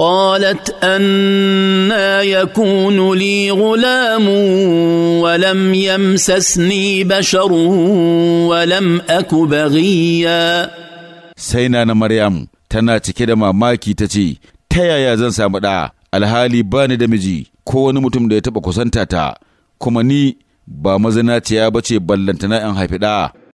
قالت انا يكون لي غلام ولم يمسسني بشر ولم اك بغيا سينا مريم tana cike da mamaki ta ce ta yaya zan samu ɗa alhali bani da miji ko wani mutum da ya taɓa kusanta ta kuma ni ba mazinaciya ba ce ballantana in haifi ɗa